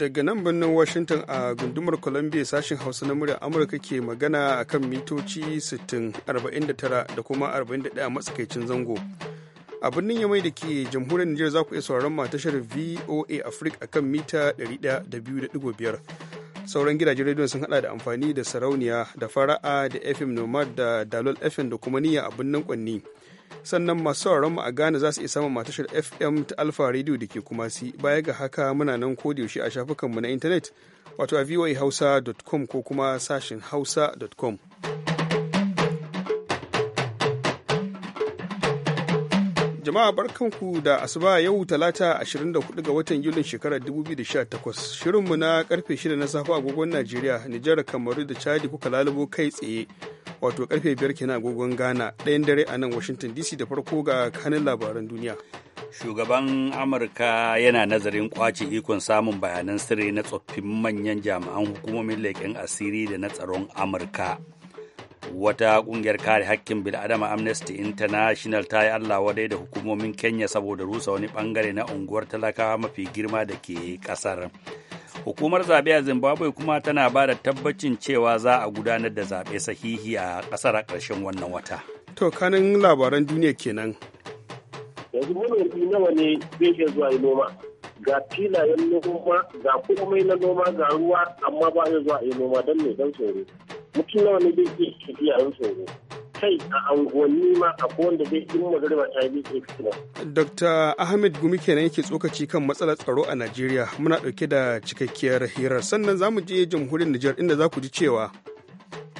daga nan birnin Washington a gundumar Columbia sashen Hausa na muryar Amurka ke magana a kan mitoci 60, 49 da kuma 41 a matsakaicin zango. A birnin Yamai da ke jamhuriyar niger za ku iya sauraron tashar VOA Africa a kan mita 102.5. Sauran gidajen rediyon sun hada da amfani da sarauniya da fara'a da FM Nomad da Dalol FM da kuma niyya a birnin Kwanni. sannan masu sauraron mu a Ghana za su iya samun matashar FM ta Alpha Radio da ke kuma si baya ga haka muna nan ko da yaushe a shafukanmu na intanet wato a voahausa.com ko kuma sashin hausa.com. Jama'a barkanku da asuba yau talata 24 ga watan Yulin shekarar 2018 shirinmu na karfe 6 na safe agogon Najeriya, Nijar, Kamaru da Chadi kuka lalubo kai tsaye. wato karfe biyar kenan agogon ghana ɗayan dare a nan washington dc da farko ga kanin labaran duniya shugaban amurka yana nazarin kwace ikon samun bayanan sirri na tsoffin manyan jami'an hukumomin leƙen asiri da na tsaron amurka wata kungiyar kare hakkin bil'adama amnesty international ta yi allah wadai da hukumomin kenya saboda rusa wani bangare na unguwar talakawa mafi girma da ke kasar hukumar zaɓe a zimbabwe kuma tana ba da tabbacin cewa za a gudanar da zaɓe sahihi a ƙasar a ƙarshen wannan wata to kanin labaran duniya kenan yanzu manomi nawa ne zai iya zuwa yi noma ga filayen noma ga komai na noma ga ruwa amma ba zai zuwa yi noma don ne don tsoro mutum nawa ne zai iya tafiya don tsoro kai a unguwanni ma a wanda zai in magariba ta yi Dr. Ahmed Gumi kenan yake tsokaci kan matsalar tsaro a Najeriya muna ɗauke da cikakkiyar hirar sannan za mu je jamhuriyar Nijar inda za ku ji cewa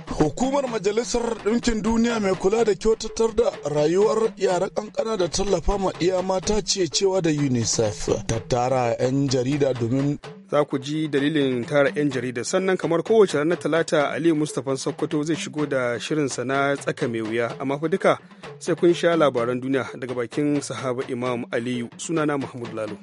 Hukumar Majalisar Ɗinkin Duniya mai kula da kyautatar da rayuwar yara ƙanƙana da tallafa ma iya mata ce cewa da UNICEF ta tara 'yan jarida domin za ku ji dalilin tara 'yan jarida sannan kamar kowace ranar talata aliyu mustapha sokoto zai shigo da shirinsa na tsaka mai wuya amma fa duka sai kun sha labaran duniya daga bakin sahaba imam aliyu sunana mahmud lalo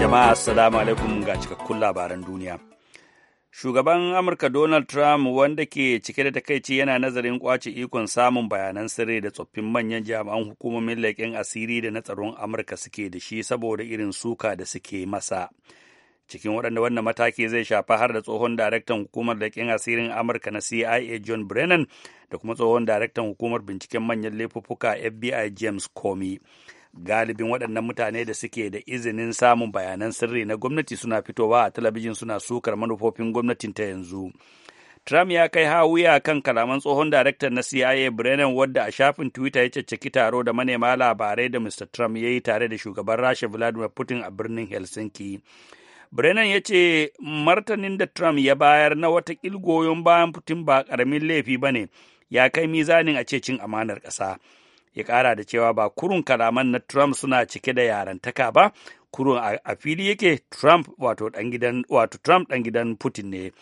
jama'a assalamu alaikum ga cikakkun labaran duniya Shugaban Amurka Donald Trump wanda ke cike da takaici yana nazarin kwace ikon samun bayanan sirri da tsoffin manyan jami'an hukumomin leƙen asiri da na tsaron Amurka suke da shi saboda irin suka da suke masa. Cikin waɗanda wannan mataki zai shafa har da tsohon daraktan hukumar leƙen asirin Amurka na CIA John Brennan da kuma tsohon daraktan hukumar binciken manyan laifuffuka FBI James Comey. galibin waɗannan mutane da suke da izinin samun bayanan sirri na gwamnati suna fitowa a talabijin suna sukar manufofin gwamnatin ta yanzu Trump ya kai hawuya kan kalaman tsohon daraktan na CIA Brennan wadda a shafin Twitter ya caccaki taro da manema labarai da Mr. Trump ya yi tare da shugaban Rasha Vladimir Putin a birnin Helsinki. Brennan ya ce martanin da Trump ya bayar na wata goyon bayan Putin ba ƙaramin laifi ba ne, ya kai mizanin a ce cin amanar ƙasa. ya kara da cewa ba kurun kalaman na Trump suna cike da yarantaka ba, kurun a fili yake Trump wato gidan wato Trump dan gidan Putin ne.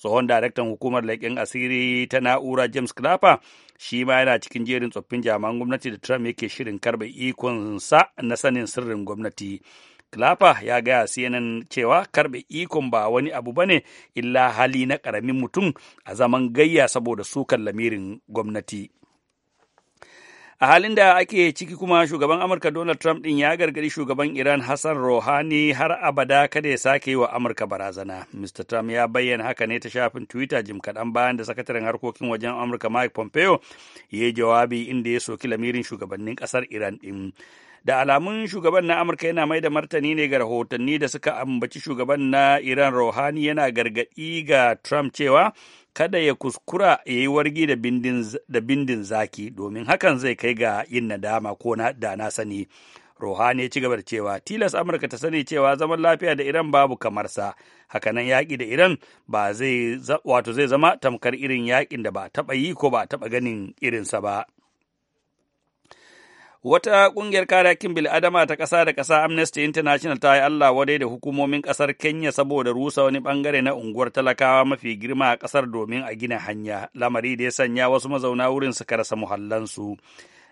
Tsohon daraktan hukumar laƙin asiri ta na'ura James Clapper shi ma yana cikin jerin tsoffin jami'an gwamnati da Trump yake shirin karɓe ikonsa na sanin sirrin gwamnati. Clapper ya gaya CNN cewa karɓe ikon ba wani abu bane illa hali na ƙaramin mutum a zaman gayya saboda sukan lamirin gwamnati. A halin da ake ciki kuma shugaban Amurka Donald Trump ɗin ya gargadi shugaban Iran Hassan Rouhani har abada kada ya sake yi wa Amurka barazana. Mr. Trump ya bayyana haka ne ta shafin Twitter jim kaɗan bayan da sakataren harkokin wajen Amurka Mike Pompeo ya yi jawabi inda ya soki lamirin shugabannin ƙasar Iran ɗin. Da alamun shugaban na Amurka yana mai da martani ne ga rahotanni da suka ambaci shugaban na Iran Rouhani yana gargaɗi ga Trump cewa kada ya kuskura ya yi wargi da bindin zaki domin hakan zai kai ga yin nadama ko da na sani Rohani ya ci gaba da cewa tilas Amurka ta sani cewa zaman lafiya da Iran babu kamar sa. Hakanan yaƙi da Iran ba zai wato zai zama tamkar irin yaƙin da ba taɓa yi ko ba taɓa ganin irinsa ba. Wata ƙungiyar kare hakkin bil'adama ta ƙasa da ƙasa Amnesty International ta yi Allah wadai da hukumomin ƙasar Kenya saboda rusa wani ɓangare na unguwar talakawa mafi girma a ƙasar domin a gina hanya, lamari da ya sanya wasu mazauna wurin suka rasa muhallansu.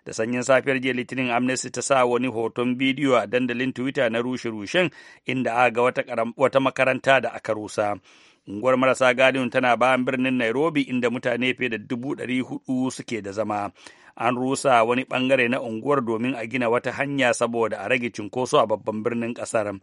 da sanyin safiyar jiya litinin amnesty ta sa wani hoton bidiyo a dandalin twitter na rushe-rushen inda a ga wata, wata makaranta da aka rusa unguwar marasa gadin tana bayan birnin nairobi inda mutane fiye da dubu ɗari hudu suke da zama an rusa wani bangare na unguwar domin a gina wata hanya saboda a rage cinkoso a babban birnin ƙasar.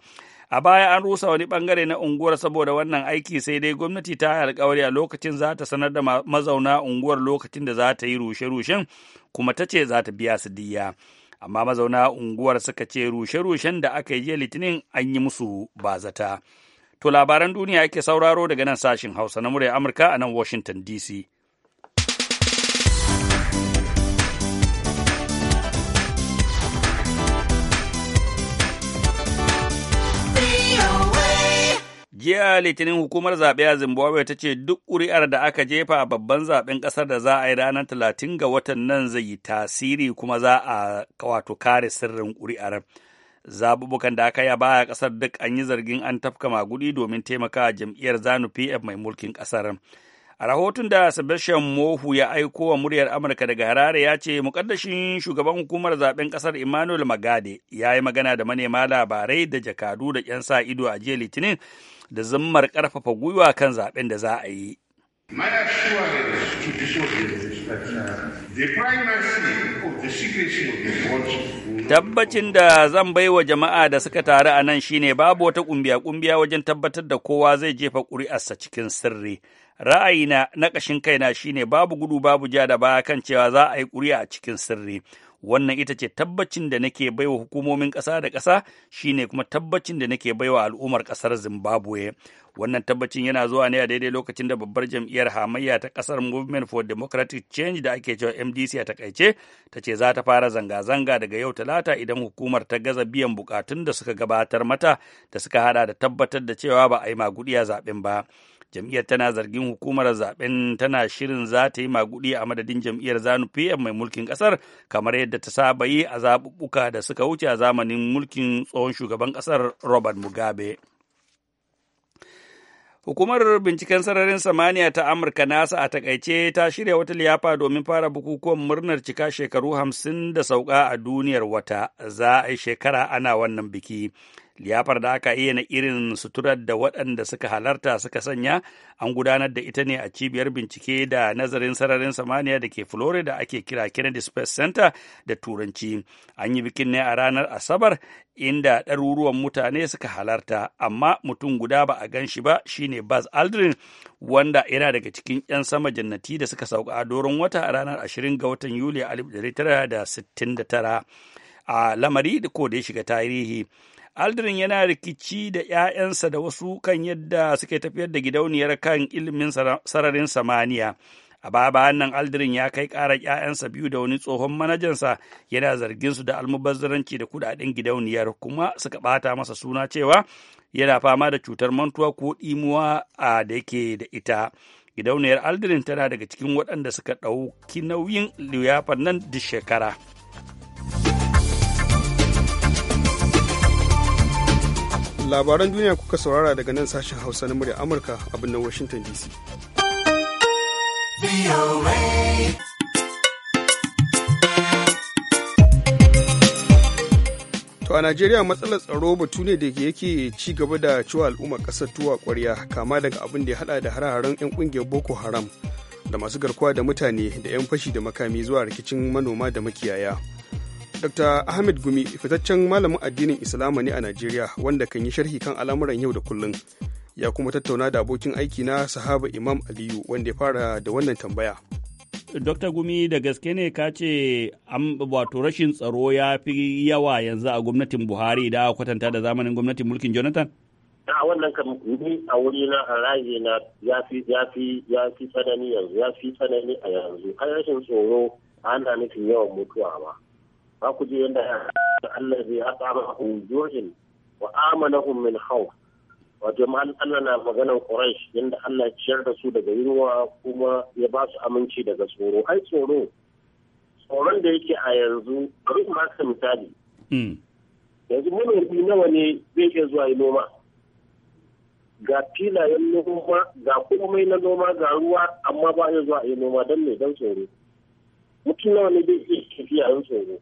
a baya an rusa wani bangare na unguwar saboda wannan aiki sai dai gwamnati ta yi alkawari a lokacin za ta sanar da mazauna unguwar lokacin da za ta yi rushe-rushen kuma ta ce za ta biya su diya amma mazauna unguwar suka ce rushe-rushen da aka yi jiya litinin an yi musu bazata to labaran duniya ake sauraro daga nan sashin hausa na murya amurka a nan washington dc Jiya Litinin hukumar zaɓe a Zimbabwe ta ce duk ƙuri'ar da aka jefa a babban zaɓen ƙasar da za a yi ranar talatin ga watan nan zai yi tasiri kuma za a wato kare sirrin ƙuri'ar. Zaɓuɓɓukan da aka yi a baya ƙasar duk an yi zargin an tafka maguɗi domin taimakawa jam'iyyar Zanu PF mai mulkin ƙasar. A rahoton da Sebastian Mohu ya aiko wa muryar Amurka daga Harare ya ce mukaddashin shugaban hukumar zaɓen ƙasar Emmanuel Magade ya yi magana da manema labarai da jakadu da 'yan sa ido a jiya Litinin da zummar ƙarfafa gwiwa kan zaɓen da za a yi. Tabbacin da zan bai wa jama'a da suka taru a nan shine babu wata ƙumbiya ƙumbiya wajen tabbatar da kowa zai jefa ƙuri'arsa cikin sirri. Ra'ayina na ƙashin kaina shine babu gudu babu ja da baya kan cewa za a yi ƙuri'a cikin sirri. wannan ita ce tabbacin da nake baiwa hukumomin ƙasa da ƙasa ne kuma tabbacin da nake baiwa al'ummar ƙasar zimbabwe wannan tabbacin yana zuwa ne a daidai lokacin da babbar jam'iyyar hamayya ta ƙasar movement for democratic change da ake cewa mdc a takaice ta ce za ta fara zanga-zanga daga yau talata idan hukumar ta gaza biyan bukatun da suka gabatar mata da suka hada da tabbatar da cewa ba a yi magudi a zaben ba jam'iyyar tana zargin hukumar zaben tana shirin za ta yi magudi a madadin jam'iyyar zanu pm mai mulkin kasar kamar yadda ta saba yi a zaɓuɓɓuka da suka wuce a zamanin mulkin tsohon shugaban kasar robert mugabe Hukumar binciken sararin samaniya ta Amurka NASA a takaice ta shirya wata liyafa domin fara bukukuwan murnar cika shekaru hamsin da sauka a duniyar wata za a yi shekara ana wannan biki. liyafar da aka iya na irin suturar da waɗanda suka halarta suka sanya an gudanar da ita ne a cibiyar bincike da nazarin sararin samaniya da ke florida ake kira kennedy space center da turanci an yi bikin ne a ranar asabar inda ɗaruruwan mutane suka halarta amma mutum guda ba a gan shi ba shine Bas aldrin wanda yana daga cikin 'yan sama jannati da suka sauka a doron wata a ranar 20 ga watan yuli 1969 a lamari da ko da ya shiga tarihi Aldrin yana rikici da ‘ya'yansa da wasu kan yadda suke tafiyar da gidauniyar kan ilimin sararin samaniya. A baba nan Aldrin ya kai ƙarar ‘ya'yansa biyu da wani tsohon manajansa yana zargin su da almubazzaranci da kudaden gidauniyar kuma suka bata masa suna cewa yana fama da cutar mantuwa ko ɗimuwa a da yake da ita. Gidauniyar Aldrin tana daga cikin waɗanda suka ɗauki nauyin liyafar nan duk shekara. labaran duniya kuka saurara daga nan sashen hausa na murya amurka a birnin washington dc To a Najeriya matsalar tsaro batu ne da yake ci gaba da ciwo al'ummar ƙasar tuwa kwarya kama daga abin da ya hada da hare-haren 'yan ƙungiyar Boko Haram da masu garkuwa da mutane da 'yan fashi da makami zuwa rikicin manoma da makiyaya. Dr. Ahmed Gumi fitaccen malamin addinin Islama ne a Najeriya wanda kan yi sharhi kan al'amuran yau da kullum. Ya kuma tattauna da abokin aiki na sahaba Imam Aliyu wanda ya fara da wannan tambaya. Dr. Gumi da gaske ne ka ce wato rashin tsaro ya fi yawa yanzu a gwamnatin Buhari da kwatanta da zamanin gwamnatin mulkin Jonathan? a wannan kan ni a wuri na a na ya fi ya fi ya fi tsanani yanzu ya fi tsanani a yanzu kai rashin tsoro ana nufin yawan mutuwa ba za ku je yadda Allah zai haɗa ba hun jojin wa amanahum min hawa wato ma'an Allah na maganar Quraysh yadda Allah ya ciyar da su daga yunwa kuma ya ba su aminci daga tsoro ai tsoro tsoron da yake a yanzu bari ku ba misali hmm. yanzu manomi nawa ne zai iya zuwa yi noma ga filayen noma ga komai na noma ga ruwa amma ba ya zuwa yi noma don mai don tsoro mutum nawa ne zai iya tafiya don tsoro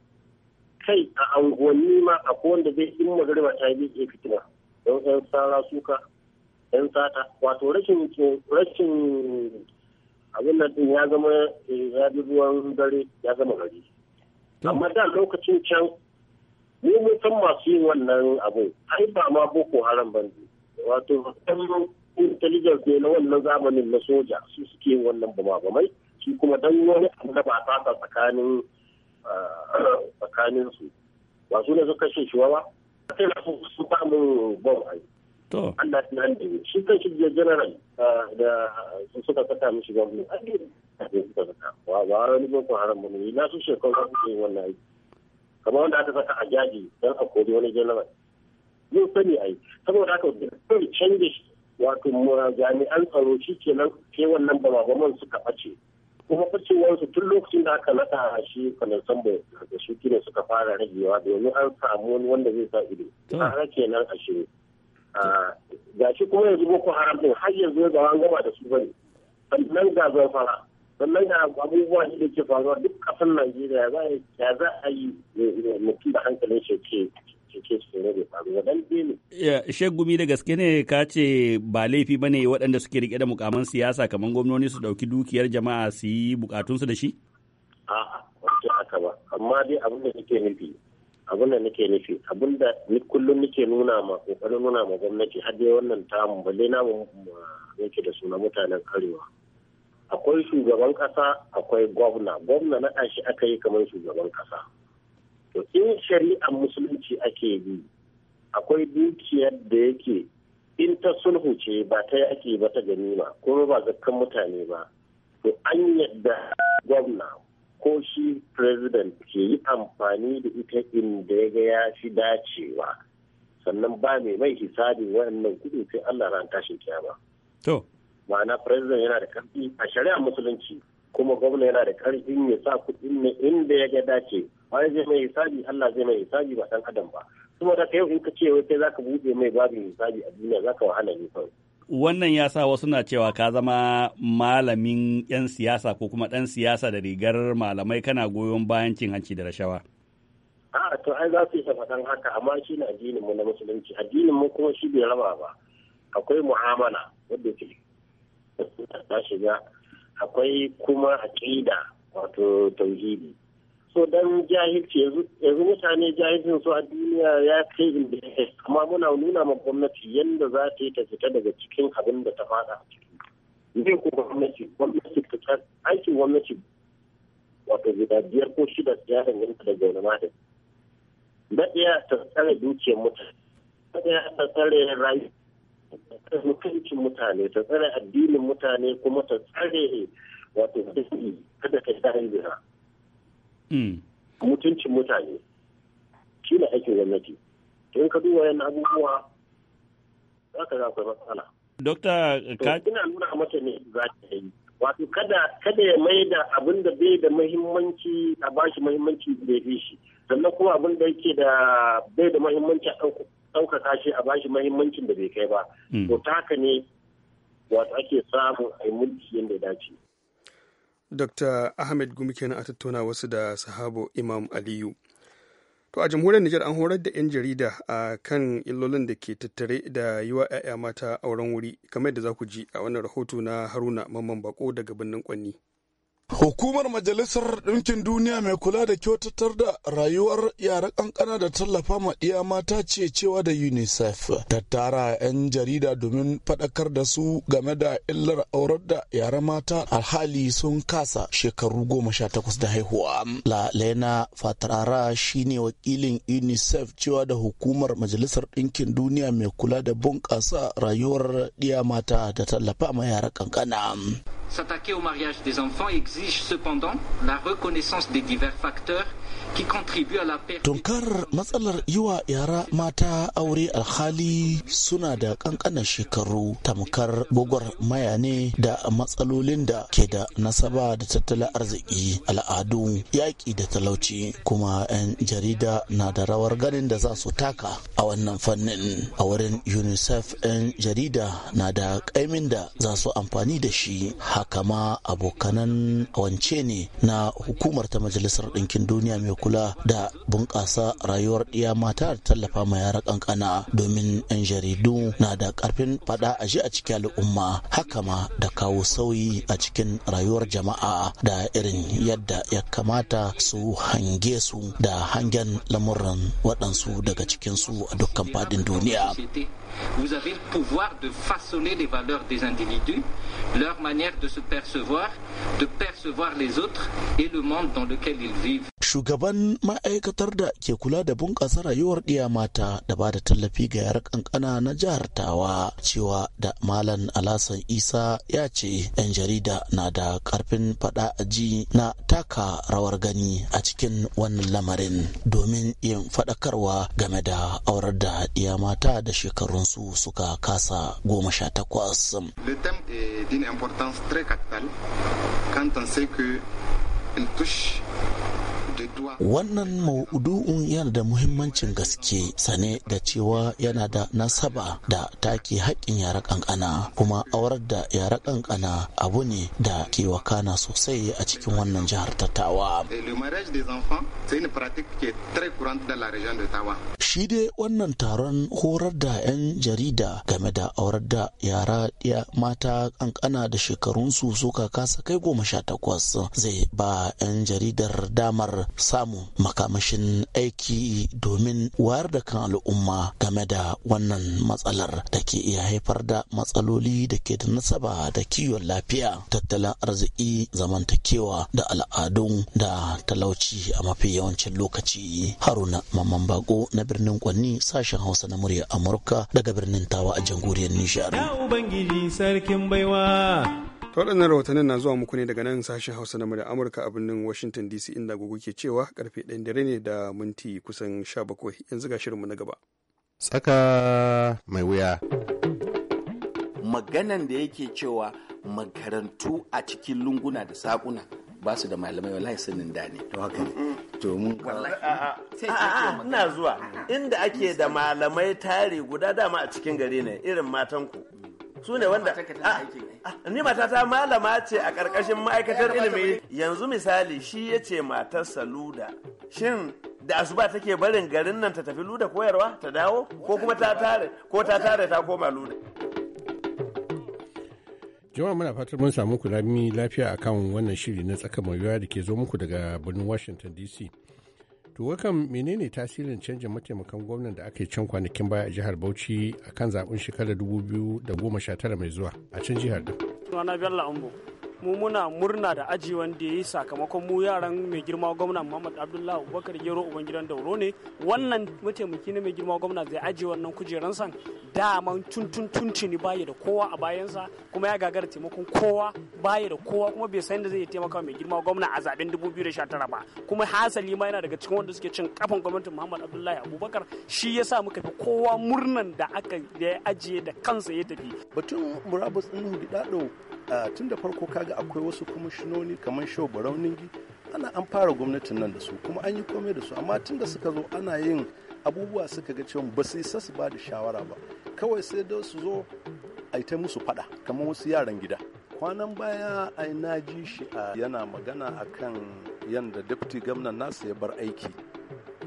kai a anguwanni ma akwai wanda zai in magariba ta yi zai fitina don yan sara suka yan sata wato rashin rashin abin nan din ya zama eh, ya bi ruwan dare ya zama gari amma da lokacin can mu mun san masu yin wannan abu ai ba ma boko haram ba wato yan intelligence ne na wannan zamanin na soja su suke yin wannan bama bamai shi kuma dan wani annaba ta tsakanin tsakanin su ba su ne su kashe shi ba sai na su ba mu bom An na Allah ya nande shi kan shi general da su suka saka mishi bom ne ai suka saka wa ba wani boko haram ba ne na su shekaru su yi wannan aiki kamar wanda aka saka a jaji don a kori wani general mun sani ai saboda haka dole canje wato jami'an tsaro shi kenan ke wannan ba suka ɓace kuma ficewar wasu tun lokacin da aka naɗa shi falansan da su kira suka fara ragewa domin an samu wani wanda zai sa ido ke nan a shiru ah, ga shi kuma yanzu boko haram din har yanzu ya an gama da su bane sannan ga zan fara sannan ga abubuwa ne da ke faruwa duk kasan najeriya ya za a yi mutum da hankalin shi ce cece su ne bai faru ne. Gumi da gaske ne ka ce ba laifi ba ne waɗanda suke rike da mukaman siyasa kamar gwamnoni su ɗauki dukiyar jama'a su yi bukatunsu da shi? A'a, wato aka ba. Amma dai abin da nake nufi, abin da nake nufi, abin da ni kullum nake nuna ma kokarin nuna ma gwamnati har dai wannan tamu balle namu yake da suna mutanen arewa. Akwai shugaban kasa, akwai gwamna. Gwamna na shi aka yi kamar shugaban kasa. to in shari'ar musulunci ake yi akwai dukiyar da yake in ta sulhu ce ba ta yaƙi ba ta ganima ko ba zakkan mutane ba to an yadda gwamna ko shi president ke yi amfani da ita inda ya ga ya fi dacewa sannan ba mai mai hisabin waɗannan kuɗi sai Allah ran tashin kiyama. To. Ma'ana president yana da ƙarfi a shari'ar musulunci kuma gwamna yana da karfin ya sa kuɗin ne inda ya ga dace. bayan zai mai hisabi Allah zai mai hisabi ba san adam ba kuma ka yau in ka ce wai kai zaka buɗe mai babu hisabi a duniya zaka wahala ne kawai wannan ya sa wasu na cewa ka zama malamin 'yan siyasa ko kuma dan siyasa da rigar malamai kana goyon bayan cin hanci da rashawa. a to ai za su yi faɗan haka amma shi ne addinin mu na musulunci addinin mu kuma shi bai raba ba akwai mu'amala wanda ke ta shiga akwai kuma aqida wato tauhidi so dan jahilci yanzu mutane jahilcin su a duniya ya kai inda amma muna nuna ma gwamnati yadda za ta yi ta fita daga cikin abin da ta fada a ciki zai ko gwamnati gwamnati ta ta aikin gwamnati wato guda biyar ko shida ya danganta da gauna mata da ɗaya ta tsare dukiyar mutane na ɗaya ta tsare rayuwa mutuncin mutane ta tsare addinin mutane kuma ta tsare wato kada ta yi zira Mm. mutuncin mutane shi ne aikin gwamnati in ka duba yana abubuwa za ka ga akwai matsala dokta ka ina nuna mata ne za ta yi wato kada kada ya mai da abin da bai da muhimmanci a bashi muhimmanci da fi shi sannan kuma abin da yake da bai da muhimmanci a ɗaukaka shi a bashi muhimmancin da bai kai ba mm. to ta haka ne wato ake samun a yi mulki yadda ya dace dr ahmed gumi kenan a tattauna wasu da sahabo imam aliyu to a jamhuriyar nijar an horar da 'yan jarida a kan illolin da ke tattare da yi wa 'ya'ya mata auren wuri kamar yadda za ku ji a wannan rahoto na haruna mamman bako daga birnin kwanni Hukumar Majalisar Ɗinkin Duniya mai kula da kyautatar da rayuwar yara ƙanƙana da tallafa ma iya mata ce cewa da UNICEF ta tara 'yan jarida domin faɗakar da su game da illar aurar da yara mata alhali sun kasa shekaru goma sha takwas da haihuwa. La Lena Fatarara shi ne wakilin UNICEF cewa da Hukumar Majalisar Ɗinkin Duniya mai kula da bunƙasa rayuwar ɗiya mata da tallafa ma yara ƙanƙana. S'attaquer au mariage des enfants exige cependant la reconnaissance des divers facteurs Tunkar matsalar yi wa yara mata aure alhali suna da ƙanƙanan shekaru tamkar bugwar maya ne da matsalolin da ke da nasaba da tattalin arziki al'adu yaƙi da talauci kuma 'yan jarida na da rawar ganin da za su taka a wannan fannin a wurin unicef 'yan jarida na da ƙaimin da za su amfani da shi haka ma abokanan wance ne na hukumar ta majalisar ɗinkin duniya mai kula da bunƙasa rayuwar ɗiya mata da tallafa ma yara kankana domin 'yan jaridu na da ƙarfin faɗa a ji a cikin al'umma haka ma da kawo sauyi a cikin rayuwar jama'a da irin yadda ya kamata su hange su da hangen lamuran waɗansu daga cikin su a dukkan faɗin duniya. Vous avez le pouvoir de façonner les valeurs des individus, leur manière de se percevoir, de percevoir les autres et le monde dans lequel ils vivent. shugaban ma'aikatar da ke kula da bunƙasa rayuwar ɗiya mata da ba da tallafi ga yar kankana na jihar tawa cewa da malam alasan isa ya ce 'yan jarida na da karfin faɗa ji na taka rawar gani a cikin wannan lamarin domin yin faɗakarwa game da aurar da ɗiya mata da shekarunsu suka kasa goma sha takwas. il touche Wannan maudu'un yana da muhimmancin gaske sane da cewa yana da nasaba da take haƙƙin yara ƙanƙana kuma aurar da yara ƙanƙana abu ne da ke wakana sosai a cikin wannan jihar tattawa. Shi dai wannan taron horar da 'yan jarida game da aurar da yara ya mata ƙanƙana da shekarunsu suka kasa kai goma sha takwas zai ba 'yan jaridar damar samun makamashin aiki domin wayar da kan al'umma game da wannan matsalar da ke iya haifar da matsaloli da ke da nasaba da kiwon lafiya tattalin arziki zamantakewa da al'adun da talauci a mafi yawancin lokaci haruna mamman bako na birnin kwanni sashen hausa na murya amurka daga birnin tawa a jamhuriyar nishar sarkin baiwa ta waɗannan rahotannin na zuwa muku ne daga nan sashen hausa na murya amurka a birnin washington dc inda gugu ke cewa karfe ɗan dare ne da minti kusan 17 yanzu ga shirinmu na gaba tsaka mai wuya maganan da yake cewa makarantu a cikin lunguna da saƙuna ba su da malamai wallahi sanin da ne to haka to mun ina zuwa inda ake da malamai tare guda dama a cikin gari ne irin matan ku su ne wanda ah, ah, ni mata ta malama ce a ƙarƙashin ma'aikatar ilimi yanzu misali shi ya ce matarsa luda shin da asuba take barin garin nan ta tafi luda koyarwa ta dawo ko kuma ta tare ko ta tare ta koma luda jama'a muna fatar mun samu kulami lafiya akan wannan shiri na tsaka mai da ke zo muku daga birnin washington dc To wakan menene tasirin canjin mataimakan gwamnan da aka yi can kwanakin baya a jihar Bauchi a kan zaben shekarar 2019 mai zuwa a can jihar din. Suna Bello Ambo. Mu muna murna da aji wanda ya yi sakamakon mu yaran mai girma gwamna Muhammad Abdullahi Abubakar Gero Ubangidan Dauro ne. Wannan mataimaki na mai girma gwamna zai aji wannan kujeran san daman tuntun ne baya da kowa a bayansa kuma ya gagara taimakon kowa baya da kowa kuma bai san da zai taimaka mai girma gwamna a zaben 2019 ba kuma hasali ma yana daga cikin wanda suke cin kafan gwamnatin Muhammad Abdullahi Abubakar shi ya sa muka fi kowa murnan da aka ya ajiye da kansa ya tafi batun murabus din dado tun da farko kaga akwai wasu kwamishinoni kamar show Barauningi ana an fara gwamnatin nan da su kuma an yi komai da su amma tun da suka zo ana yin abubuwa suka ga cewa ba su isa su ba da shawara ba kawai sai da su zo a ta musu fada kamar wasu yaran gida kwanan baya a na ji shi a yana magana a kan yadda deputy gwamnan nasa ya bar aiki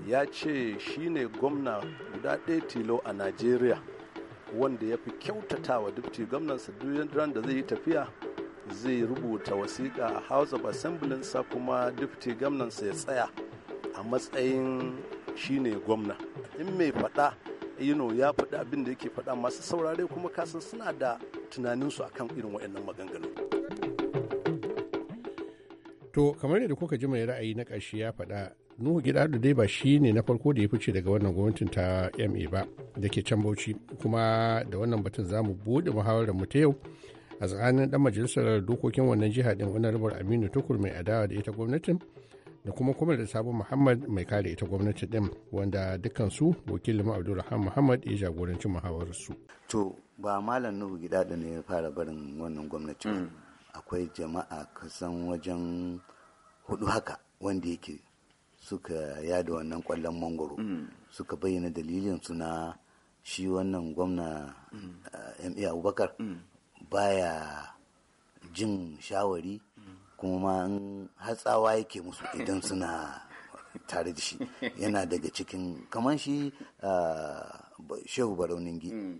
ya ce shi ne gwamna guda ɗaya tilo a najeriya wanda ya fi kyautata wa deputy gwamnansa duk da zai yi tafiya zai rubuta wasiƙa a house of Assembly sa kuma deputy gwamnansa ya tsaya a matsayin shi ne gwamna in mai faɗa yino ya faɗi abin da yake faɗa masu saurare kuma kasan suna da tunaninsu akan irin waɗannan maganganu to kamar yadda kuka ji mai ra'ayi na ƙarshe ya faɗa nuhu gida da dai ba shi ne na farko da ya fice daga wannan gwamnatin ta ma ba da ke can bauchi kuma da wannan batun za mu buɗe muhawarar mu ta yau a tsakanin ɗan majalisar dokokin wannan jiha ɗin wani rabar aminu tukur mai adawa da ita gwamnatin da kuma kuma da sabon muhammad mai kare ita gwamnati din wanda dukansu wakilin abdulrahman muhammad ya jagoranci muhawararsu to ba malam nuhu gida da ne ya fara barin wannan gwamnati mm. akwai jama'a kasan wajen hudu haka wanda yake suka yada wannan kwallon mangoro mm. suka bayyana dalilin su na shi wannan gwamna ma mm. uh, abubakar baya jin shawari kuma in hatsawa yake musu idan suna tare da shi yana daga cikin kamar shi ah, shehu barauningi mm.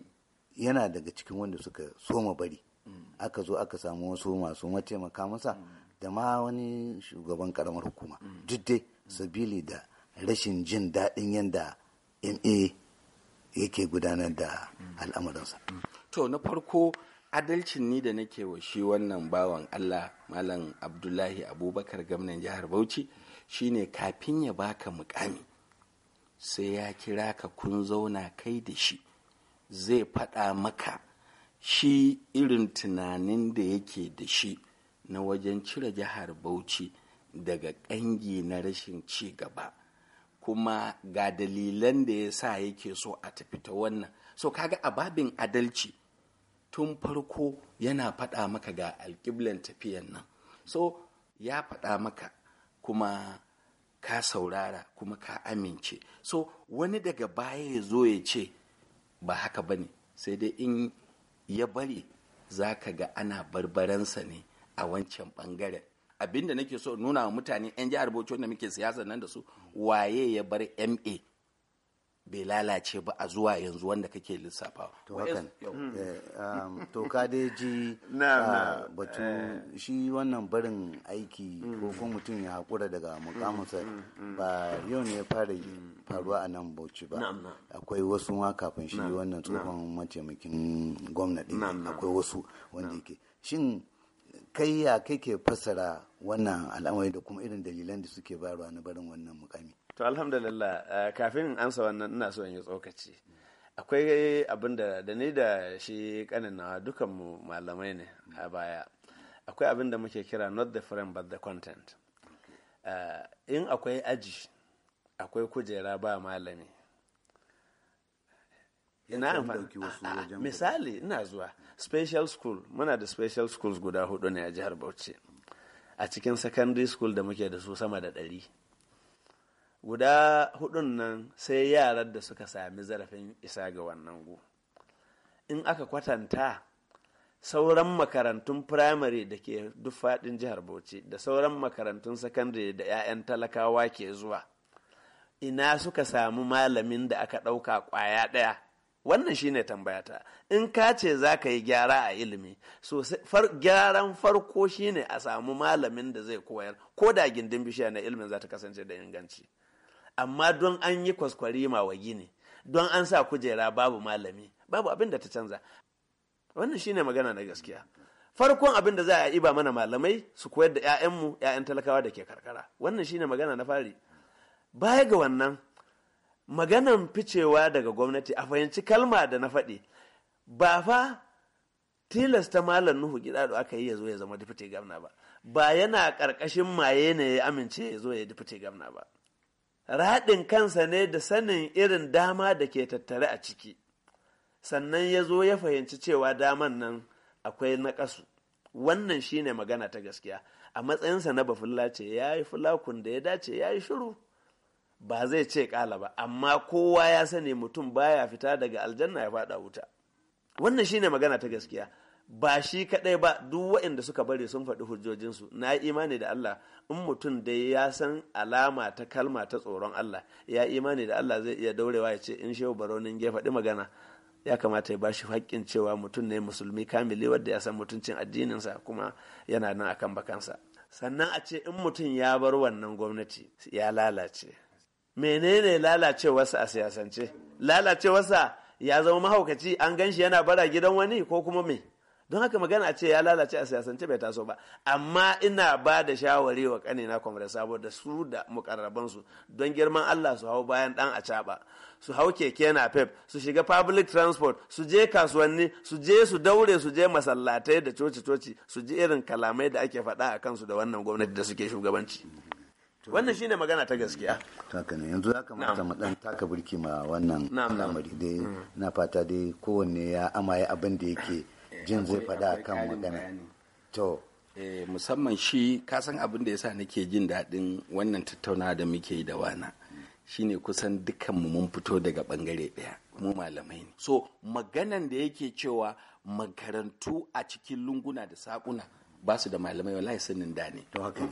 yana daga cikin wanda suka soma bari mm. aka zo aka samu wasu masu mataimaka masa mm. da ma wani shugaban karamar hukuma duk dai sabili da rashin jin daɗin yadda ma yake gudanar da al'amuransa to na farko adalcin ni da nake wa shi wannan bawan Allah Malam Abdullahi Abubakar gwamnan jihar Bauchi shine kafin ya baka mukami sai ya kira ka kun zauna kai da shi zai faɗa maka shi irin tunanin da yake da shi na wajen cire jihar Bauchi daga ƙangi na rashin ci gaba kuma ga dalilan da ya sa yake so a tafi ta wannan so kaga a babin adalci tun farko yana faɗa maka ga alƙiblan tafiyan nan so ya faɗa maka kuma ka saurara kuma ka amince so wani daga baya ya zo ya ce ba haka ba ne sai dai in ya bari za ka ga ana barbaransa ne a wancan ɓangaren abinda nake so nuna wa mutane 'yan jihar bauchi wanda muke siyasa nan da su waye ya bar ma bai lalace ba a zuwa yanzu wanda kake lissafa to hakan eh, um, to ka dai ji uh, batu eh. shi wannan barin aiki ko kuma mutum ya hakura daga mukamansa mm, mm, mm, ba yau ne ya fara faruwa a nan bauchi ba akwai wasu ma kafin shi wannan tsohon mataimakin gwamnati akwai wasu wanda yake shin kai ya kake fassara wannan al'amari da kuma irin dalilan da suke bayarwa na barin wannan mukami to alhamdulillah eh, kafin in ansa wannan ina so in yi tsokaci akwai abin da da ni da shi kanin dukan dukanmu malamai ne a baya akwai abin da muke kira not the frame but the content eh, in akwai aji akwai kujera ba malami ina amfani misali ina zuwa special school muna da special schools guda hudu ne a jihar bauchi a cikin secondary school da muke da su sama da ɗari guda hudun nan sai yaran da suka sami zarafin isa ga wannan gu in aka kwatanta sauran makarantun firamare da ke duk faɗin jihar bauchi da sauran makarantun sakandare da 'ya'yan talakawa ke zuwa ina suka samu malamin da aka ɗauka ƙwaya ɗaya wannan shine tambayata in ka ce za ka yi gyara a ilimi so gyaran farko shine a samu malamin da zai koyar ko da gindin bishiya na ilimin za ta kasance da inganci amma don an yi kwaskwari wa gini don an sa kujera babu malami babu abin da ta canza wannan shine magana na gaskiya farkon abin da za a iba mana malamai su koyar da 'ya'yanmu 'ya'yan talakawa da ke karkara wannan shine magana na fari baya ga wannan maganan ficewa daga gwamnati a fahimci kalma da na faɗi ba fa tilasta malam nuhu gida da aka yi ya zo ya zama dipite gamna ba ba yana ƙarƙashin maye ne ya amince ya zo ya dipite gamna ba raɗin kansa ne da sanin irin dama da ke tattare a ciki sannan ya zo ya fahimci cewa daman nan akwai naƙasu wannan shine magana ta gaskiya a matsayinsa na bafulla ce ya yi fulakun da ya dace ya yi shiru ba zai ce kala ba amma kowa ya sani mutum baya fita daga aljanna ya faɗa wuta wannan shine magana ta gaskiya ba shi kadai ba duk waɗanda suka bari sun faɗi hujjojinsu na yi imani da Allah in mutum dai ya san alama ta kalma ta tsoron Allah ya imani da Allah zai iya daurewa ya ce in shehu baronin ya faɗi magana ya kamata ya bashi hakkin cewa mutum ne musulmi kamili wanda ya san mutuncin addininsa kuma yana nan akan bakansa sannan a ce in mutum ya bar wannan gwamnati ya lalace menene lalacewarsa a siyasance lalacewarsa ya zama mahaukaci an ganshi yana bara gidan wani ko kuma me don haka magana a ce ya lalace a siyasance bai taso ba amma ina ba da shawari wa kanina kwamre sabo da su da mukarrabansu don girman allah su hau bayan dan a caba su hau keke na pep su shiga public transport su je kasuwanni su je su daure su je masallatai da coci-coci su ji irin kalamai da ake faɗa a kansu da wannan gwamnati da suke shugabanci wannan shine magana ta gaskiya haka ne yanzu ka mata mu dan taka burki ma wannan al'amari dai mm. na fata dai kowanne ya amaye abin da yake jin zai faɗa kan magana to eh, musamman shi kasan abin da yasa nake jin daɗin wannan tattaunawa da muke yi da wana shine kusan dukkanmu mun fito daga bangare ɗaya mu malamai ne so maganan da yake cewa makarantu a cikin lunguna da saƙuna ba su da malamai wallahi sanin da ne to haka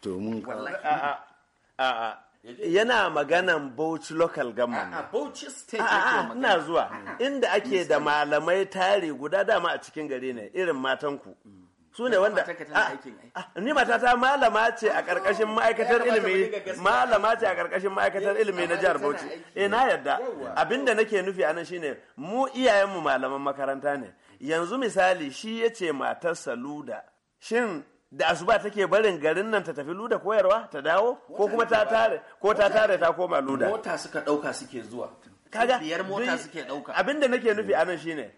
to mun a a yana maganan Bauchi local government a ina zuwa inda ake da malamai tare guda dama a cikin gari ne irin matanku su ne wanda ni matata malama ce a karkashin ma'aikatar ilimi malama ce a karkashin ma'aikatar ilimi na jihar Bauchi eh na yarda abinda nake nufi anan shine mu iyayenmu malaman makaranta ne yanzu misali shi yace matar Saluda shin da asuba take barin garin nan ta tafi luda koyarwa ta dawo ko kuma ta tare ko ta tare ta koma luda mota suka dauka suke zuwa kaga biyar mota suke dauka abinda nake nufi anan shine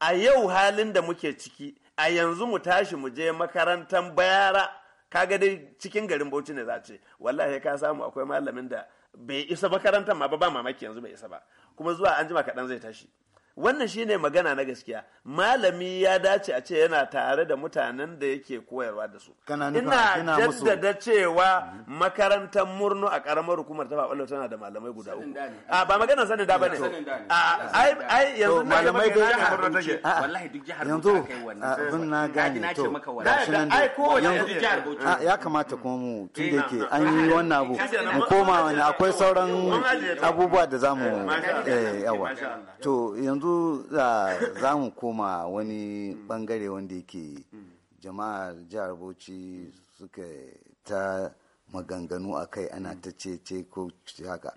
a yau halin da muke ciki a yanzu mu tashi mu je makarantar bayara kaga dai cikin garin Bauchi ne zace ce wallahi ka samu akwai malamin da bai isa makarantar ma ba ba mamaki yanzu bai isa ba kuma zuwa anjima jima kaɗan zai tashi wannan shine magana na gaskiya malami ya dace a ce yana tare da mutanen da yake koyarwa da su ina jaddada cewa mhm. makarantar murnu a karamar hukumar ta faɓalo tana da malamai guda uku a ba magana sanin da bane a ai yanzu malamai da jihar murnu take wallahi duk jihar yanzu abin na gane to ai ya kamata kuma mu eh, tun da yake an yi wannan abu mu koma wani akwai sauran abubuwa da zamu eh, eh, yawa to yanzu yanzu za mu koma wani bangare wanda yake jama'ar jihar Bauchi suka ta maganganu a kai ana ta ce ce ko haka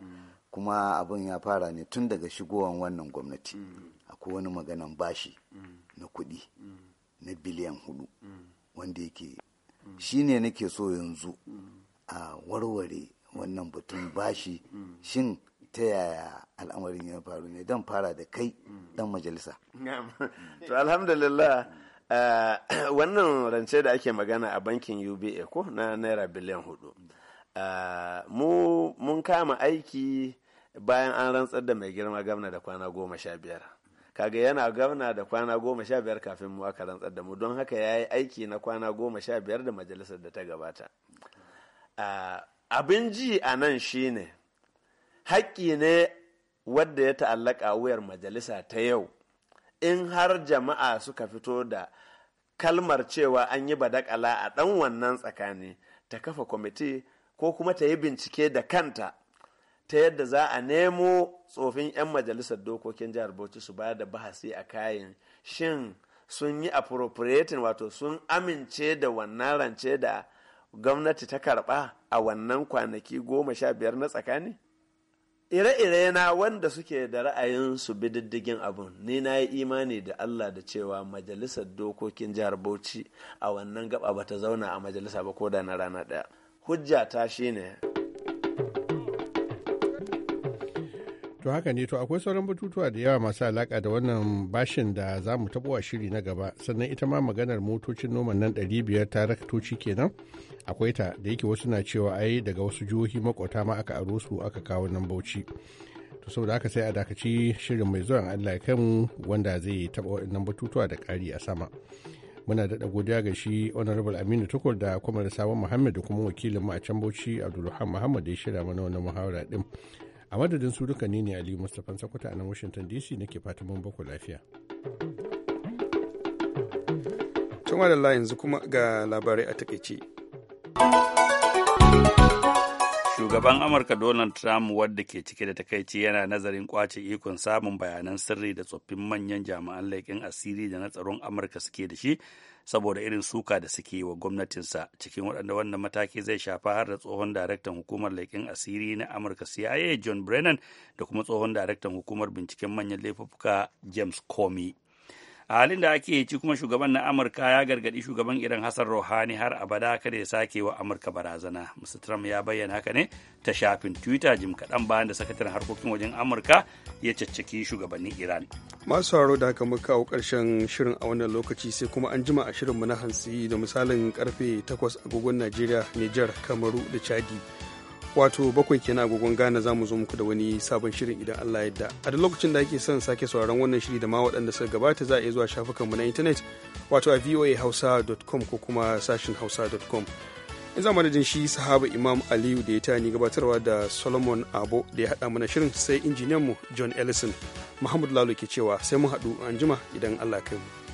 kuma abin ya fara ne tun daga shigowan wannan gwamnati akwai wani maganan bashi na kudi na biliyan hudu wanda yake shi ne nake so yanzu a warware wannan batun bashi shin ta yaya al'amarin ya faru ne don fara da kai dan majalisa to alhamdulillah eh, wannan rance da ake magana a bankin uba ko na naira biliyan hudu eh, mu mun kama aiki bayan an rantsar da mai girma gamna da kwana goma sha biyar kaga yana gwamna da kwana goma sha biyar kafin mu aka rantsar da mu don haka ya yi aiki na kwana goma sha biyar da majalisar da ta gabata eh, abin ji a nan shine haƙƙi ne wadda ya ta'allaka wuyar majalisa ta yau in har jama'a suka fito da kalmar cewa an yi badakala a ɗan wannan tsakani ta kafa kwamiti ko kuma ta yi bincike da kanta ta yadda za a nemo tsofin 'yan majalisar dokokin jihar bauchi su ba da bahasi a kayan shin sun yi appropriating wato sun amince da wannan rance da gwamnati ta karba a wannan kwanaki goma sha biyar na tsakani ire-ire na wanda suke da ra'ayin su bididdigin abun ni na yi imani da Allah da cewa majalisar dokokin jihar Bauchi a wannan gaba bata zauna a majalisa ba ko da na rana ɗaya hujja ta shine To haka ne to akwai sauran batutuwa da yawa masu alaka da wannan bashin da za mu tabo a shiri na gaba sannan ita ma maganar motocin noman nan ɗari biyar ta rakatoci kenan akwai ta da yake wasu na cewa ai daga wasu jihohi makwata ma aka aro su aka kawo nan Bauchi. To saboda haka sai a dakaci shirin mai zuwan Allah ya kanmu wanda zai taba wannan batutuwa da ƙari a sama. Muna daɗa godiya ga shi Honorable Aminu Tukur da kuma da Sabon Muhammad da kuma wakilin mu a can Bauchi Abdulrahman Muhammad da ya shirya mana wannan muhawara din. a madadin su duka ne ne aliyu mustapha sakwata a nan washington dc nake fatan mun baku lafiya tun da yanzu kuma ga labarai a takaice shugaban amurka donald trump wadda ke cike da takaici yana nazarin kwace ikon samun bayanan sirri da tsoffin manyan jami'an laikin asiri da na tsaron amurka suke da shi saboda irin suka da suke yi wa gwamnatinsa cikin waɗanda wannan mataki zai shafa har da tsohon daraktan hukumar laikin asiri na amurka cia john brennan da kuma tsohon daraktan hukumar binciken manyan laifuka james comey a halin da ake ci kuma shugaban na amurka ya gargadi shugaban iran hassan rohani har abada kada ya sake wa amurka barazana mr trump ya bayyana haka ne ta shafin twitter jim kaɗan bayan da sakataren harkokin wajen amurka ya caccaki shugabannin iran masu haro da haka muka kawo ƙarshen shirin a wannan lokaci sai kuma an jima a mu na hansi da misalin karfe 8 agogon najeriya nijar kamaru da chadi wato bakwai kenan agogon gana za mu zo muku da wani sabon shirin idan Allah yadda. A duk lokacin da ake son sake sauraron wannan shiri da ma waɗanda suka gabata za a iya zuwa shafukanmu na intanet wato a voahausa.com ko kuma sashin hausa.com. In za madadin shi sahaba Imam Aliyu da ya ta ni gabatarwa da Solomon Abo da ya haɗa mana shirin sai injiniyanmu John Ellison. Muhammadu Lalo ke cewa sai mun haɗu anjima idan Allah kai mu.